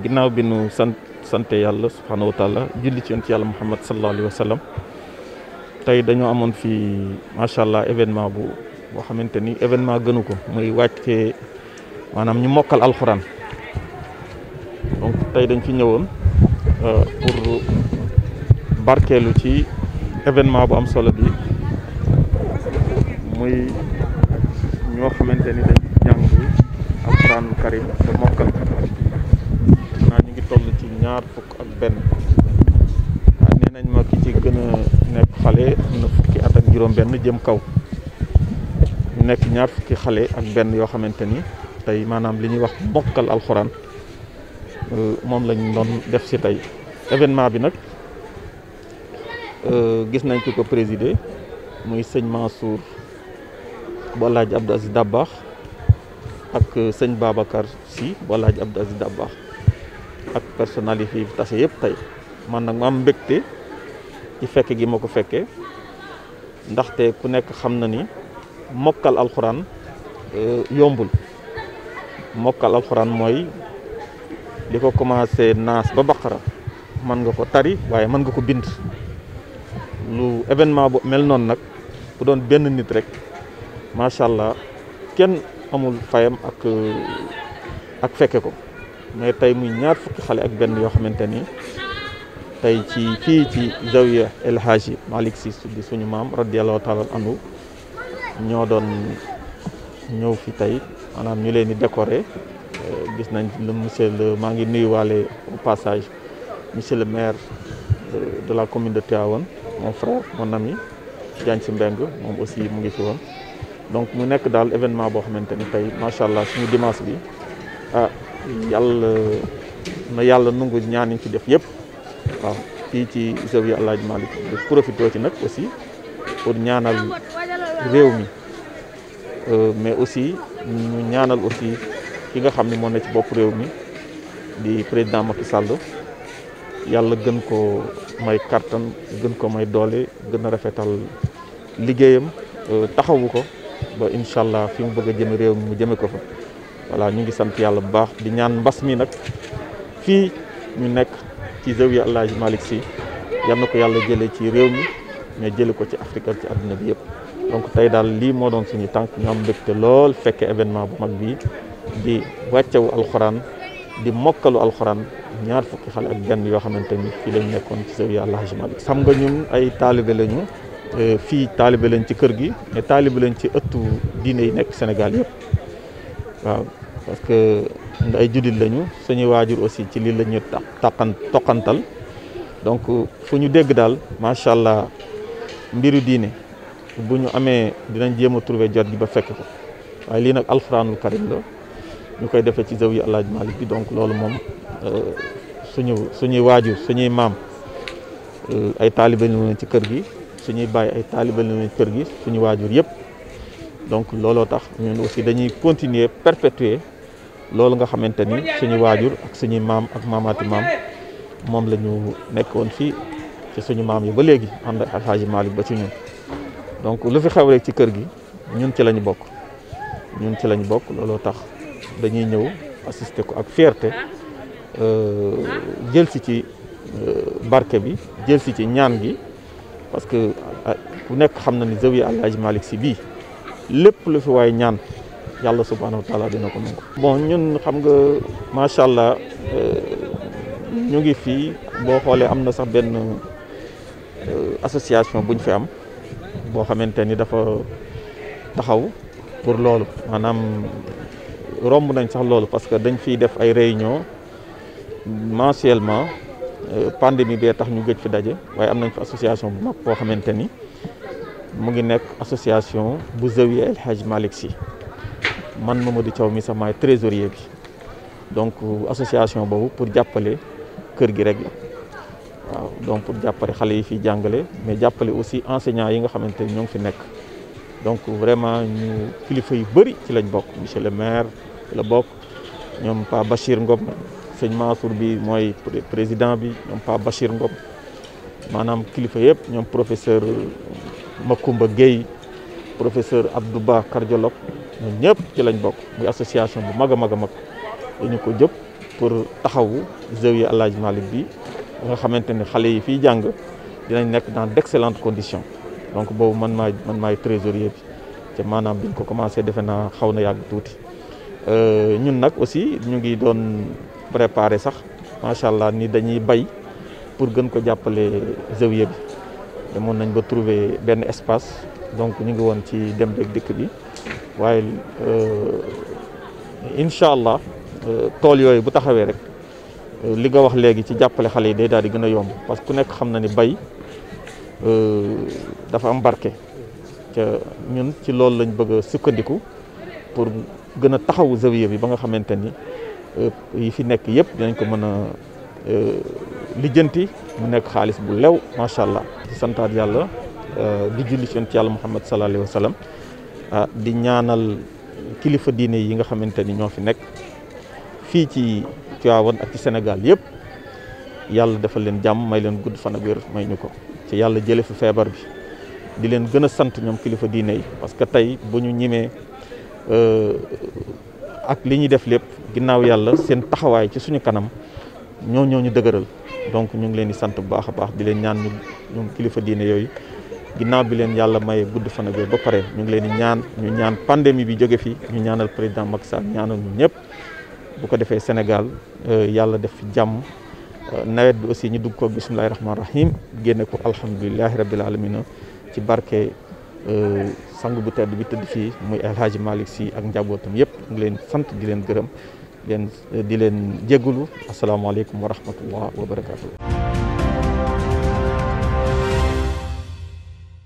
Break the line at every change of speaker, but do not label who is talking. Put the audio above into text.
ginnaaw bi nu sant sante yàlla subhaanahu wa taala julli ci yàlla muhammad sallallahu alayhi wa tey dañoo amoon fii macha allah événement bu boo xamante ni événement gënu ko muy wàcce maanaam ñu mokkal alxuraan donc tey dañ fi ñëwoon euh, pour barkeelu ci événement bu am solo bi muy ñoo xamante ni dañ jàng alxuraanul karim te mokkal ñaar fukk ak benn waaye nee nañ ci gën nekk xale na fukki at ak juróom-benn jëm kaw ñu nekk ñaar fukki xale ak benn yoo xamante ni tey maanaam li ñuy wax bokkal alxuraan euh, moom lañu doon def si tey événement bi nag euh, gis nañ ci ko présider muy sëñ Mansour bu Alaaji Abdou Aziz Dabakh ak euh, sëñ Babacar Sy bu Alaaji Abdou Aziz Dabakh ak personnalité yi tase yëpp tey man nag ma am mbégte ci fekke gi ma ko fekke ndaxte ku nekk xam na ni mokkal alxuraan euh, yombul mokkal alxuraan mooy li ko commencé naas ba baqara mën nga ko tari waaye mën nga ko bind lu événement bu mel noonu nag bu doon benn nit rek macha allah kenn amul fayam ak euh, ak fekke ko mais tey muy ñaar fukki xale ak benn yoo xamante ni tey ci fii ci zawiya El Hadji Malick Sy di suñu maam radiyallahu taala anhu ñoo doon ñëw fi tey maanaam ñu leen di décorer eh, gis nañ le monsieur maa ngi nuyuwaale au passage monsieur le maire eh, de la commune de Tivaouane mon frère mon moom aussi mu ngi fi donc mu nekk daal événement boo xamante ni tey macha allah suñu dimanche bi ah, yàlla na yàlla nangu ñaan yi ci def yëpp waaw fii ci Zawiya El Hadj Malick di profité ci nag aussi pour ñaanal réew mi euh, mais aussi ñu ñaanal aussi ki nga xam ni moom na ci bokk réew mi di président Macky Sall yàlla gën ko may kàttan gën ko may doole gën a rafetal liggéeyam euh, taxawu ko ba incha allah fi mu bëgg a jëme réew mi mu jëme ko fa voilà ñu ngi sant yàlla bu baax di ñaan mbas mi nag fii ñu nekk ci zawiya El Hadji Malick Sy yal ko yàlla jëlee ci réew mi mais jëlee ko ci Afrique ci àdduna bi yëpp donc tey daal lii moo doon suñu tànk ñu am mbégte lool fekke événement bu mag bii di wàccewu alxuraan di mokkalu alxuraan ñaar fukki xale ak benn yoo xamante ni fii lañ nekkoon ci zawiya El Hadji Malick Sy xam nga ñun ay taalibe lañu euh, fii taalibe lañ ci kër gi mais taalibe lañ ci ëttu diine yi nekk Sénégal yëpp. waaw parce que ay jullit lañu suñuy waajur aussi ci lii la ñu taqan toqantal donc fu ñu dégg daal macha allah mbiru diine bu ñu amee dinañ jéem a trouver jot gi ba fekk ko waaye lii nag alxuraanul karim la ñu koy defee ci zawiya El Hadj Malick bi donc loolu moom euh, suñu suñuy waajur suñuy maam euh, ay taalibe lañu ci kër gi suñuy bàyyi ay taalibe lañu ci kër gi suñu waajur yëpp. donc looloo tax ñun aussi dañuy continuer perpétuer loolu nga xamante ni suñu waajur ak suñu maam ak maamaati maam moom la ñu nekkoon fii ci suñu maam yi ba léegi ànd ak Alxaaji Maalik ba ci ñun donc lu fi xew rek ci kër gi ñun ci lañu bokk ñun ci lañu bokk looloo tax dañuy ñëw assister ko ak fierté euh, jël si ci euh, barke bi jël si ci ñaan gi parce que ah, ku nekk xam na ni zawiya Alxaaji Maalik si bii lépp lu fi waay ñaan yàlla subhanahu wa taala dina ko nangu bon ñun xam nga macha allah euh, ñu ngi fii boo xoolee am na sax benn euh, association buñ fi am boo xamante ni dafa taxaw pour loolu maanaam romb nañ sax loolu parce que dañ fiy def ay réunion mensuellement euh, pandémie bee tax ñu gëj fi daje waaye am nañ fi association bu mag boo xamante ni mu ngi nekk association bu Zawiya El Hadj Malick Sy man Mamadou Thiaw mi sama trésorier bi donc association boobu pour jàppale kër gi rek la waaw donc pour jàppale xale yi fiy jàngale mais jàppale aussi enseignants yi nga xamante ni ñoo ngi fi nekk donc vraiment ñu kilifa yu bëri ci lañ bokk monsieur le maire la bokk ñoom Pa Bachir Ngom sëñ Mansour bi mooy président bi ñoom Pa Bachir Ngom maanaam kilifa yëpp ñoom professeur Makumba Gueye professeur Abdou Ba cardiologue ñun ñëpp ci lañ bokk muy association bu mag a mag a mag dañu ko jëpp pour taxawu zawiya Alaaji Malick bi nga xamante ne xale yi fiy jàng dinañ nekk dans d'excellentes condition donc boobu man maay man maay trésorier bi te maanaam bi biñ ko commencé defe naa xaw na yàgg tuuti euh, ñun nag aussi ñu ngi doon préparer sax macha allah ni dañuy bay pour gën ko jàppale zawiya bi demoon nañ ba trouver benn espace donc ñu ngi woon ci dem beeg dikk bi waaye euh, incha allah euh, tool yooyu bu taxawee rek euh, li nga wax léegi ci jàppale xale yi day daal di gën a yomb parce que ku nekk xam na ni bay dafa am barke. ca ñun ci loolu lañ bëgg sukkandiku pour gën a taxawu zawiya bi ba nga xamante ni yi fi nekk yëpp dañ ko mën a lijjanti mu nekk xaalis bu lew macha allah. di santaat yàlla euh, di julli ci yonent yàlla Muhammad sallallahu alayhi wa sallam ah, di ñaanal kilifa diine yi nga xamante ni ñoo fi nekk fii ci Tivaouane ak ci Sénégal yëpp yàlla defal leen jàmm may leen gudd fan a wér may ñu ko ci yàlla jële fi feebar bi di leen gën a sant ñoom kilifa diine yi parce que tey bu ñu ñimee euh, ak li ñuy def lépp ginnaaw yàlla seen taxawaay ci suñu kanam ñoo ñoo ñu dëgëral donc ñu ngi leen di sant bu baax a baax di leen ñaan ñu ñoom kilifa diine yooyu ginnaaw bi leen yàlla maye gudd fan ak ba pare ñu ngi leen di ñaan ñu ñaan pandémie bi jóge fii ñu ñaanal président Macky Sall ñaanal ñu ñëpp bu ko defee Sénégal euh, yàlla def fi jàmm euh, nawet bi aussi ñu dugg ko bisimilahi rahmaani rahim génne ko alhamdulilahi rabil alamina ci barke euh, sangu bu tedd bi tëdd fii muy El Hadji Malick ak njabootam yëpp ngi leen sant di leen gërëm leen di leen jéggulu asalaamaaleykum wa rahmatullah wa barakatu